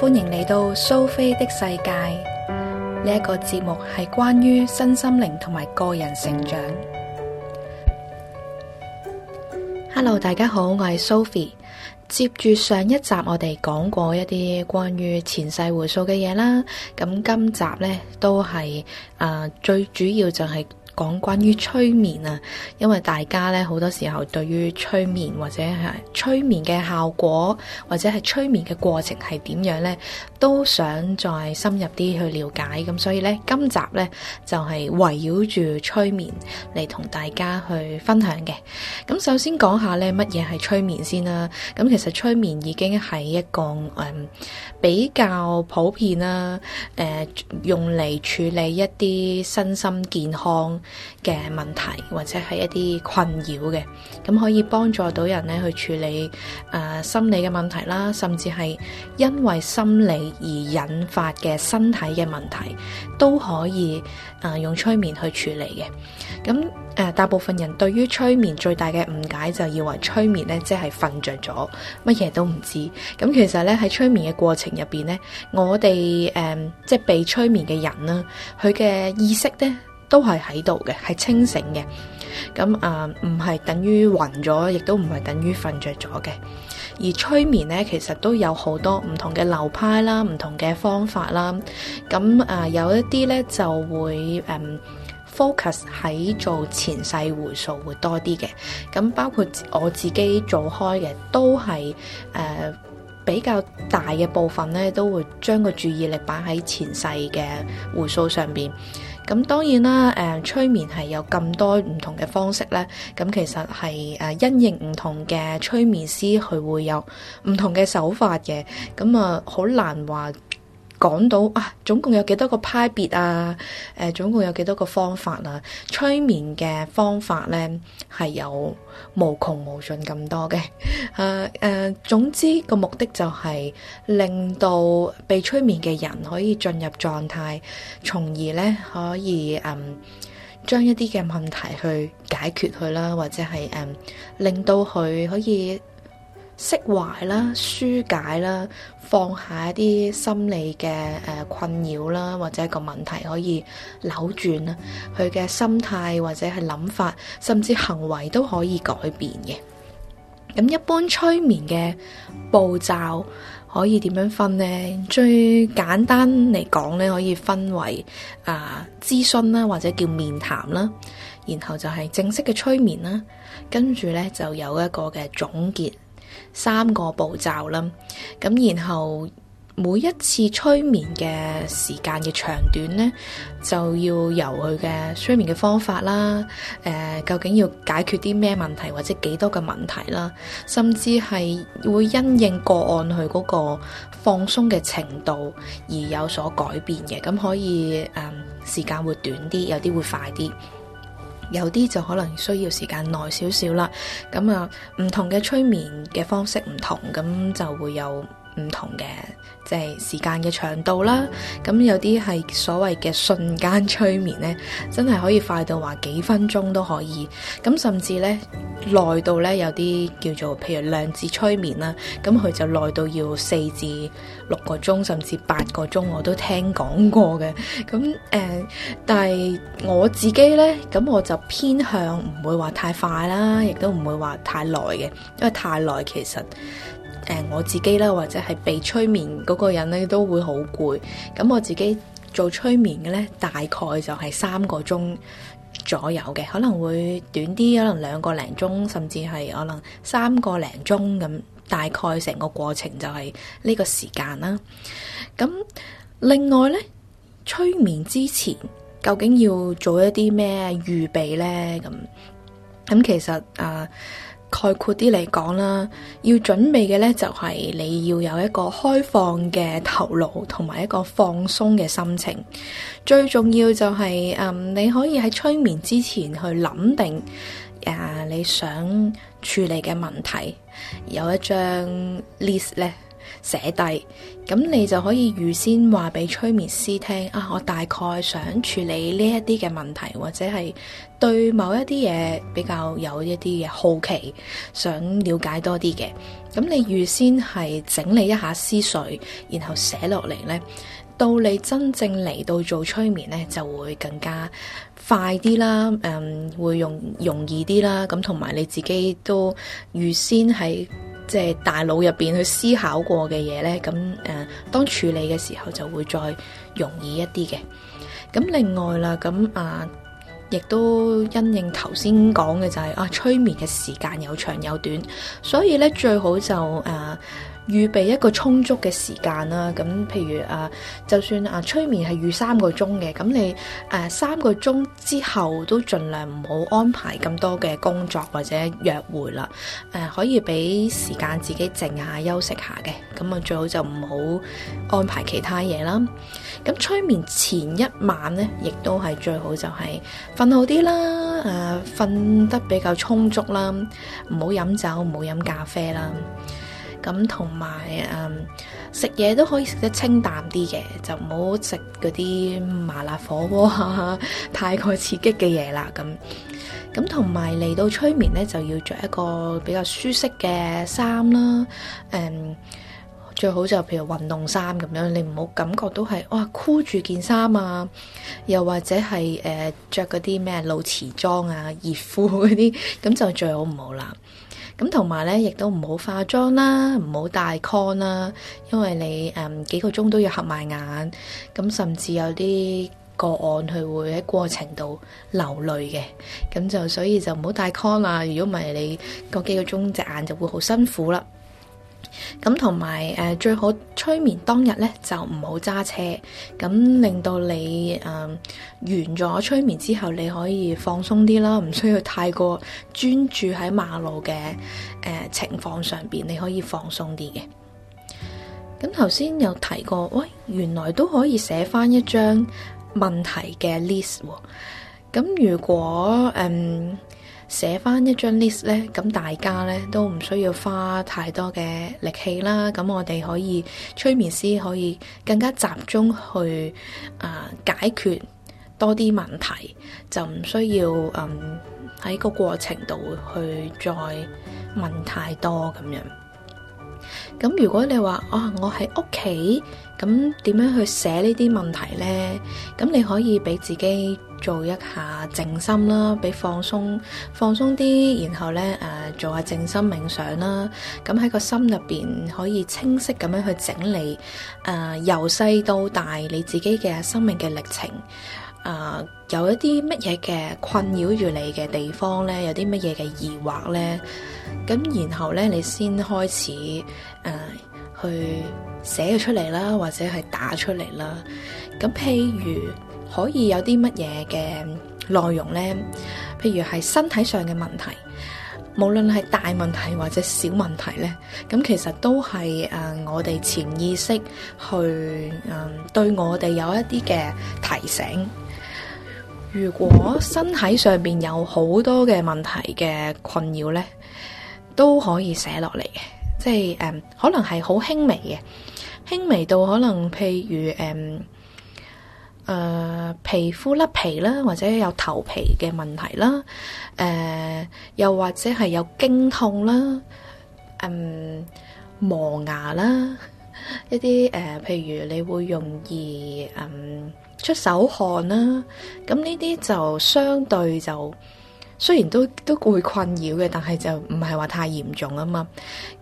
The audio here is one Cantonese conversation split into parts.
歡迎嚟到蘇菲的世界呢一個節目係關於身心靈同埋個人成長。Hello，大家好，我係蘇菲。接住上一集我哋講過一啲關於前世回溯嘅嘢啦，咁今集呢都係啊最主要就係。講關於催眠啊，因為大家咧好多時候對於催眠或者係催眠嘅效果，或者係催眠嘅過程係點樣呢，都想再深入啲去了解。咁所以呢，今集呢，就係圍繞住催眠嚟同大家去分享嘅。咁首先講下呢，乜嘢係催眠先啦。咁其實催眠已經係一個誒比較普遍啦，誒用嚟處理一啲身心健康嘅問題或者係一啲困擾嘅，咁可以幫助到人咧去處理誒、呃、心理嘅問題啦，甚至係因為心理而引發嘅身體嘅問題，都可以誒、呃、用催眠去處理嘅。咁誒、呃，大部分人對於催眠最大嘅誤解就以為催眠咧即係瞓着咗，乜嘢都唔知。咁其實咧喺催眠嘅過程入邊咧，我哋誒、呃、即係被催眠嘅人啦，佢嘅意識咧，都係喺度嘅，係清醒嘅。咁啊，唔、呃、係等於暈咗，亦都唔係等於瞓着咗嘅。而催眠呢，其實都有好多唔同嘅流派啦，唔同嘅方法啦。咁啊、呃，有一啲呢，就會誒、嗯、focus 喺做前世回溯會多啲嘅。咁包括我自己做開嘅，都係誒、呃、比較大嘅部分呢，都會將個注意力擺喺前世嘅回溯上面。咁當然啦，誒催眠係有咁多唔同嘅方式咧，咁其實係誒因應唔同嘅催眠師，佢會有唔同嘅手法嘅，咁啊好難話。講到啊，總共有幾多個派別啊？誒、啊，總共有幾多個方法啊？催眠嘅方法呢，係有無窮無盡咁多嘅。誒、啊、誒、啊，總之個目的就係令到被催眠嘅人可以進入狀態，從而呢可以誒、嗯、將一啲嘅問題去解決佢啦，或者係誒、嗯、令到佢可以，釋懷啦，紓解啦，放下一啲心理嘅誒困擾啦，或者一個問題可以扭轉啦，佢嘅心態或者係諗法，甚至行為都可以改變嘅。咁一般催眠嘅步驟可以點樣分呢？最簡單嚟講咧，可以分為啊諮詢啦，或者叫面談啦，然後就係正式嘅催眠啦，跟住咧就有一個嘅總結。三個步驟啦，咁然後每一次催眠嘅時間嘅長短呢，就要由佢嘅催眠嘅方法啦，誒、呃，究竟要解決啲咩問題或者幾多嘅問題啦，甚至係會因應個案佢嗰個放鬆嘅程度而有所改變嘅，咁可以誒、嗯，時間會短啲，有啲會快啲。有啲就可能需要時間耐少少啦，咁啊，唔同嘅催眠嘅方式唔同，咁就會有唔同嘅，即係時間嘅長度啦。咁有啲係所謂嘅瞬間催眠呢真係可以快到話幾分鐘都可以。咁甚至呢，耐到呢有啲叫做譬如量子催眠啦，咁佢就耐到要四至六個鐘，甚至八個鐘，我都聽講過嘅。咁誒、呃，但係我自己呢，咁我就偏向唔會話太快啦，亦都唔會話太耐嘅，因為太耐其實。誒、呃，我自己啦，或者係被催眠嗰個人咧，都會好攰。咁我自己做催眠嘅咧，大概就係三個鐘左右嘅，可能會短啲，可能兩個零鐘，甚至係可能三個零鐘咁。大概成個過程就係呢個時間啦。咁另外咧，催眠之前究竟要做一啲咩預備咧？咁咁其實啊。呃概括啲嚟講啦，要準備嘅呢，就係你要有一個開放嘅頭腦，同埋一個放鬆嘅心情。最重要就係，嗯，你可以喺催眠之前去諗定，誒，你想處理嘅問題，有一張 list 咧。寫低，咁你就可以預先話俾催眠師聽啊，我大概想處理呢一啲嘅問題，或者係對某一啲嘢比較有一啲嘅好奇，想了解多啲嘅。咁你預先係整理一下思緒，然後寫落嚟呢，到你真正嚟到做催眠呢，就會更加快啲啦，誒、嗯，會容容易啲啦。咁同埋你自己都預先係。即係大腦入邊去思考過嘅嘢呢，咁誒、呃，當處理嘅時候就會再容易一啲嘅。咁另外啦，咁啊、呃，亦都因應頭先講嘅就係、是、啊，催眠嘅時間有長有短，所以呢最好就誒、呃預備一個充足嘅時間啦，咁譬如啊、呃，就算啊催眠係預三個鐘嘅，咁你誒、呃、三個鐘之後都盡量唔好安排咁多嘅工作或者約會啦，誒、呃、可以俾時間自己靜下休息下嘅，咁啊最好就唔好安排其他嘢啦。咁催眠前一晚呢，亦都係最好就係瞓好啲啦，誒、呃、瞓得比較充足啦，唔好飲酒，唔好飲咖啡啦。咁同埋誒食嘢都可以食得清淡啲嘅，就唔好食嗰啲麻辣火鍋啊，太過刺激嘅嘢啦。咁咁同埋嚟到催眠咧，就要着一個比較舒適嘅衫啦。誒、嗯、最好就譬如運動衫咁樣，你唔好感覺到係哇箍住件衫啊，又或者係誒著嗰啲咩露臍裝啊、熱褲嗰啲，咁就最好唔好啦。咁同埋咧，亦都唔好化妝啦，唔好戴 con 啦，因為你誒、嗯、幾個鐘都要合埋眼，咁甚至有啲個案佢會喺過程度流淚嘅，咁就所以就唔好戴 con 啦。如果唔係，你嗰幾個鐘隻眼就會好辛苦啦。咁同埋誒，最好催眠當日呢，就唔好揸車，咁令到你誒、呃、完咗催眠之後，你可以放鬆啲啦，唔需要太過專注喺馬路嘅誒、呃、情況上邊，你可以放鬆啲嘅。咁頭先有提過，喂，原來都可以寫翻一張問題嘅 list 喎、哦。咁如果嗯。.寫翻一張 list 咧，咁大家咧都唔需要花太多嘅力氣啦。咁我哋可以催眠師可以更加集中去啊、呃、解決多啲問題，就唔需要嗯喺個過程度去再問太多咁樣。咁如果你話啊、哦，我喺屋企咁點樣去寫呢啲問題呢？咁你可以俾自己做一下靜心啦，俾放鬆放鬆啲，然後呢，誒、呃、做下靜心冥想啦。咁喺個心入邊可以清晰咁樣去整理誒、呃，由細到大你自己嘅生命嘅歷程。啊、呃，有一啲乜嘢嘅困擾住你嘅地方呢？有啲乜嘢嘅疑惑呢？咁然後呢，你先開始誒、呃、去寫出嚟啦，或者係打出嚟啦。咁譬如可以有啲乜嘢嘅內容呢？譬如係身體上嘅問題，無論係大問題或者小問題呢，咁其實都係誒、呃、我哋潛意識去誒、呃、對我哋有一啲嘅提醒。如果身體上邊有好多嘅問題嘅困擾咧，都可以寫落嚟嘅，即係誒、嗯，可能係好輕微嘅，輕微到可能譬如誒，誒、嗯呃、皮膚甩皮啦，或者有頭皮嘅問題啦，誒、呃，又或者係有經痛啦，嗯，磨牙啦，一啲誒、呃，譬如你會容易嗯。出手汗啦，咁呢啲就相對就雖然都都會困擾嘅，但係就唔係話太嚴重啊嘛。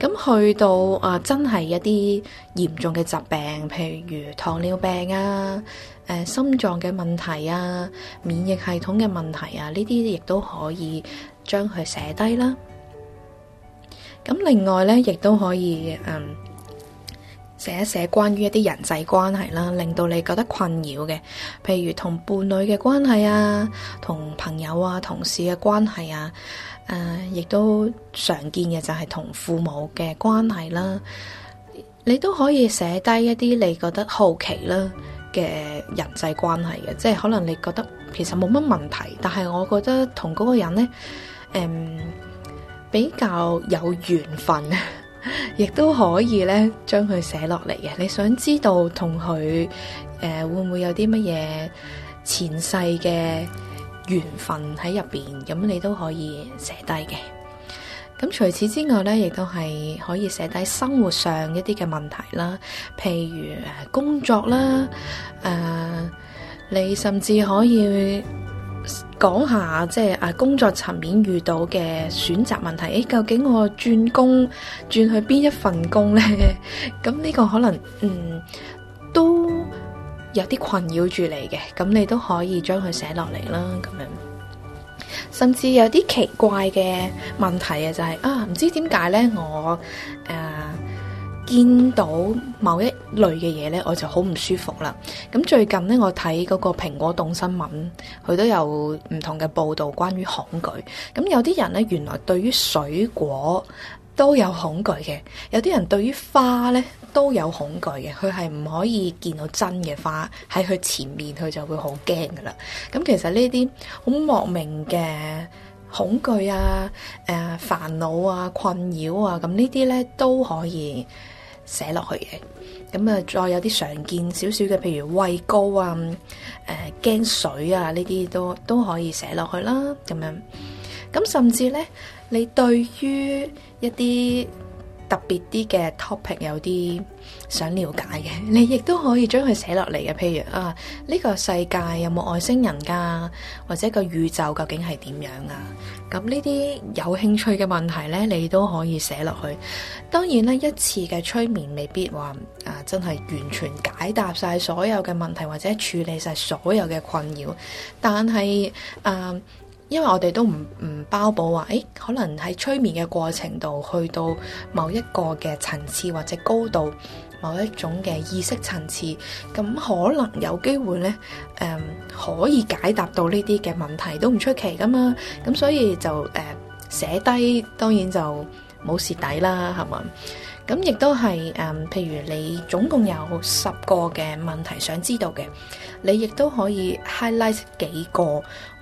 咁去到啊、呃、真係一啲嚴重嘅疾病，譬如糖尿病啊、誒、呃、心臟嘅問題啊、免疫系統嘅問題啊，呢啲亦都可以將佢寫低啦。咁另外咧，亦都可以嗯。寫一寫關於一啲人際關係啦，令到你覺得困擾嘅，譬如同伴侶嘅關係啊，同朋友啊、同事嘅關係啊，誒、呃，亦都常見嘅就係同父母嘅關係啦。你都可以寫低一啲你覺得好奇啦嘅人際關係嘅，即係可能你覺得其實冇乜問題，但係我覺得同嗰個人呢誒、嗯，比較有緣分。亦都可以咧，將佢寫落嚟嘅。你想知道同佢，誒，會唔會有啲乜嘢前世嘅緣分喺入邊，咁你都可以寫低嘅。咁除此之外咧，亦都係可以寫低生活上一啲嘅問題啦，譬如工作啦，誒、呃，你甚至可以。講下即係啊工作層面遇到嘅選擇問題，誒，究竟我轉工轉去邊一份工咧？咁 呢個可能嗯，都有啲困擾住你嘅，咁你都可以將佢寫落嚟啦，咁樣。甚至有啲奇怪嘅問題，就是，啊，就係啊唔知點解咧我誒。呃見到某一類嘅嘢呢，我就好唔舒服啦。咁最近呢，我睇嗰個蘋果動新聞，佢都有唔同嘅報導關於恐懼。咁有啲人呢，原來對於水果都有恐懼嘅；有啲人對於花呢，都有恐懼嘅。佢係唔可以見到真嘅花喺佢前面，佢就會好驚㗎啦。咁其實呢啲好莫名嘅恐懼啊、誒、呃、煩惱啊、困擾啊，咁呢啲呢都可以寫落去嘅，咁啊，再有啲常見少少嘅，譬如畏高啊、誒、呃、驚水啊，呢啲都都可以寫落去啦，咁樣。咁甚至咧，你對於一啲。特別啲嘅 topic 有啲想了解嘅，你亦都可以將佢寫落嚟嘅。譬如啊，呢個世界有冇外星人噶？或者個宇宙究竟係點樣啊？咁呢啲有興趣嘅問題呢，你都可以寫落去。當然啦，一次嘅催眠未必話啊，真係完全解答晒所有嘅問題，或者處理晒所有嘅困擾。但係啊～因為我哋都唔唔包保話，誒、可能喺催眠嘅過程度，去到某一個嘅層次或者高度，某一種嘅意識層次，咁、嗯、可能有機會呢，誒、嗯、可以解答到呢啲嘅問題都唔出奇㗎嘛，咁、嗯、所以就誒寫低，當然就冇蝕底啦，係嘛？咁亦都係，誒、嗯，譬如你總共有十個嘅問題想知道嘅，你亦都可以 highlight 幾個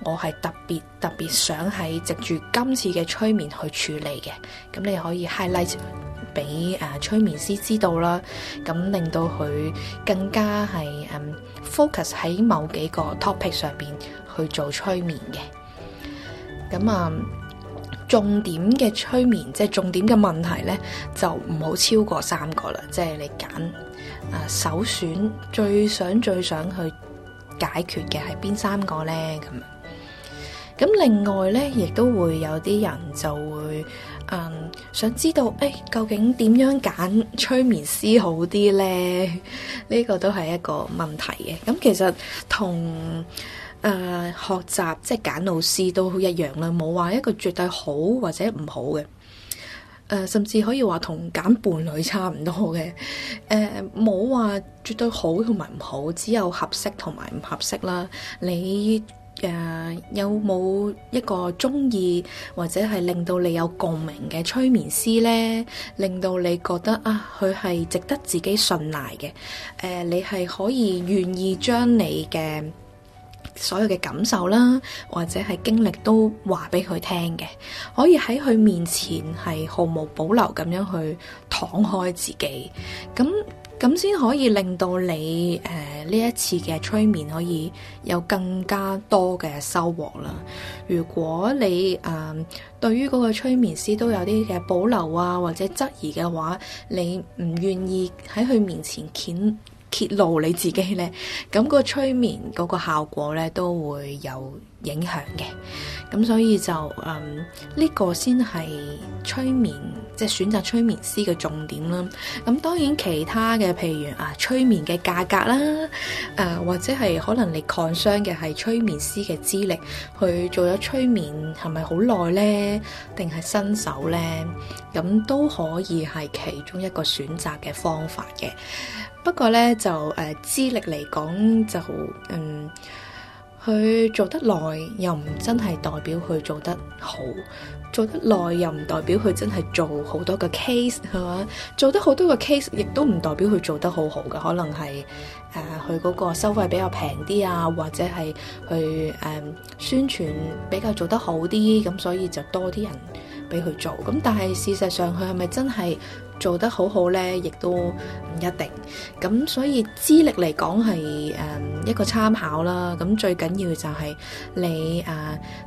我係特別特別想喺藉住今次嘅催眠去處理嘅，咁你可以 highlight 俾誒、啊、催眠師知道啦，咁令到佢更加係誒、um, focus 喺某幾個 topic 上邊去做催眠嘅，咁啊。嗯重點嘅催眠，即係重點嘅問題呢，就唔好超過三個啦。即係你揀啊、呃，首選最想最想去解決嘅係邊三個呢？咁咁另外呢，亦都會有啲人就會嗯想知道，誒、欸、究竟點樣揀催眠師好啲呢？ 呢個都係一個問題嘅。咁其實同。誒，uh, 學習，即係揀老師都一樣啦，冇話一個絕對好或者唔好嘅。誒、uh，甚至可以話同揀伴侶差唔多嘅。誒，冇話絕對好同埋唔好，只有合適同埋唔合適啦。你誒、uh, 有冇一個鍾意或者係令到你有共鳴嘅催眠師呢？令到你覺得啊，佢係值得自己信賴嘅。誒、uh，你係可以願意將你嘅。所有嘅感受啦，或者係經歷都話俾佢聽嘅，可以喺佢面前係毫無保留咁樣去敞開自己，咁咁先可以令到你誒呢、呃、一次嘅催眠可以有更加多嘅收穫啦。如果你誒、呃、對於嗰個催眠師都有啲嘅保留啊，或者質疑嘅話，你唔願意喺佢面前卷。揭露你自己咧，咁、那個催眠嗰個效果咧都會有影響嘅，咁所以就嗯呢、這個先係催眠，即係選擇催眠師嘅重點啦。咁當然其他嘅，譬如啊催眠嘅價格啦，誒、啊、或者係可能你 concern 嘅係催眠師嘅資歷，去做咗催眠係咪好耐咧，定係新手咧，咁都可以係其中一個選擇嘅方法嘅。不過呢，就誒資歷嚟講就嗯佢做得耐又唔真係代表佢做得好做得耐又唔代表佢真係做好多個 case 係嘛做得好多個 case 亦都唔代表佢做得好好嘅可能係誒佢嗰個收費比較平啲啊或者係去誒宣傳比較做得好啲咁所以就多啲人。俾佢做，咁但係事實上佢係咪真係做得好好呢，亦都唔一定。咁所以資歷嚟講係誒一個參考啦。咁最緊要就係你誒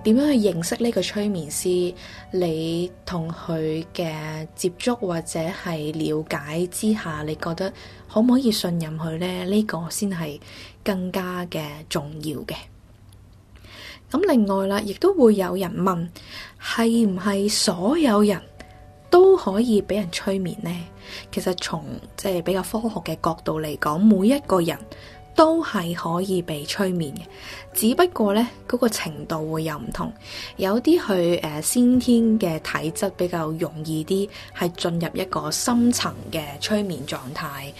點樣去認識呢個催眠師，你同佢嘅接觸或者係了解之下，你覺得可唔可以信任佢呢？呢個先係更加嘅重要嘅。咁另外啦，亦都會有人問，係唔係所有人都可以俾人催眠呢？其實從即係比較科學嘅角度嚟講，每一個人都係可以被催眠嘅，只不過呢，嗰個程度會有唔同。有啲佢誒先天嘅體質比較容易啲，係進入一個深層嘅催眠狀態，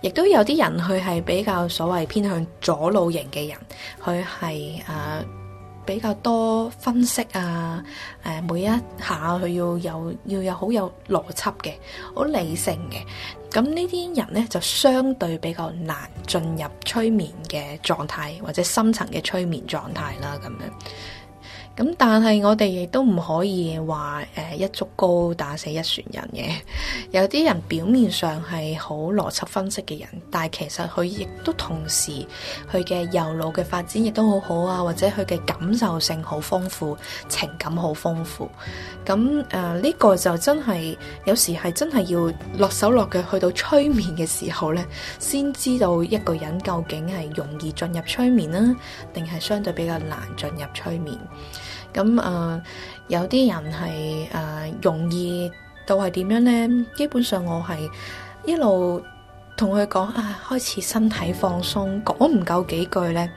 亦都有啲人佢係比較所謂偏向左腦型嘅人，佢係誒。啊比較多分析啊，誒，每一下佢要有要有好有邏輯嘅，好理性嘅，咁呢啲人呢，就相對比較難進入催眠嘅狀態或者深層嘅催眠狀態啦，咁樣。咁但係我哋亦都唔可以話誒、呃、一竹篙打死一船人嘅， 有啲人表面上係好邏輯分析嘅人，但係其實佢亦都同時佢嘅右腦嘅發展亦都好好啊，或者佢嘅感受性好豐富，情感好豐富。咁誒呢個就真係有時係真係要落手落腳去到催眠嘅時候呢，先知道一個人究竟係容易進入催眠呢、啊，定係相對比較難進入催眠？咁啊、呃，有啲人係啊、呃，容易到係點樣呢？基本上我係一路同佢講啊，開始身體放鬆，講唔夠幾句呢，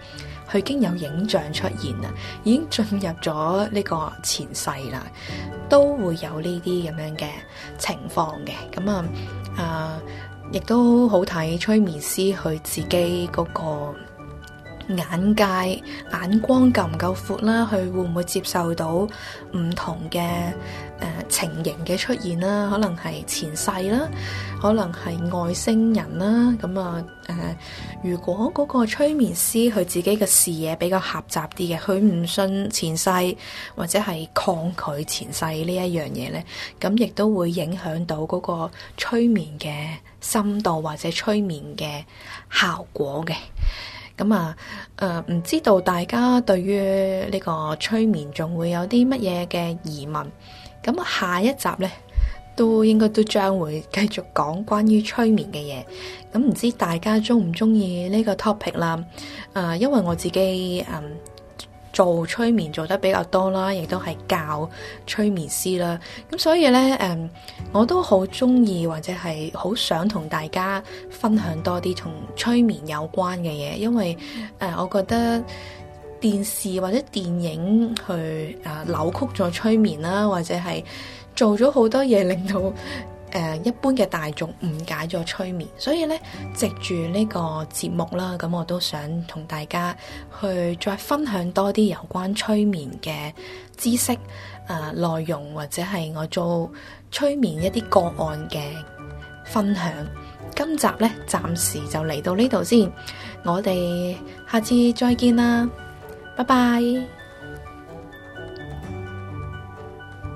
佢已經有影像出現啦，已經進入咗呢個前世啦，都會有呢啲咁樣嘅情況嘅。咁啊啊，亦都好睇催眠師佢自己嗰、嗰個。眼界眼光夠唔夠闊啦？佢會唔會接受到唔同嘅誒、呃、情形嘅出現啦？可能係前世啦，可能係外星人啦。咁啊誒，如果嗰個催眠師佢自己嘅視野比較狹窄啲嘅，佢唔信前世或者係抗拒前世呢一樣嘢咧，咁亦都會影響到嗰個催眠嘅深度或者催眠嘅效果嘅。咁啊，誒、嗯，唔知道大家對於呢個催眠仲會有啲乜嘢嘅疑問？咁、嗯、下一集呢，都應該都將會繼續講關於催眠嘅嘢。咁、嗯、唔知大家鍾唔鍾意呢個 topic 啦？啊、嗯，因為我自己嗯。做催眠做得比較多啦，亦都係教催眠師啦。咁所以呢，誒、嗯，我都好中意或者係好想同大家分享多啲同催眠有關嘅嘢，因為誒、呃，我覺得電視或者電影去啊扭曲咗催眠啦，或者係做咗好多嘢令到，誒、uh, 一般嘅大眾誤解咗催眠，所以咧，藉住呢個節目啦，咁我都想同大家去再分享多啲有關催眠嘅知識啊呃、內容，或者係我做催眠一啲個案嘅分享。今集咧暫時就嚟到呢度先，我哋下次再見啦，拜拜。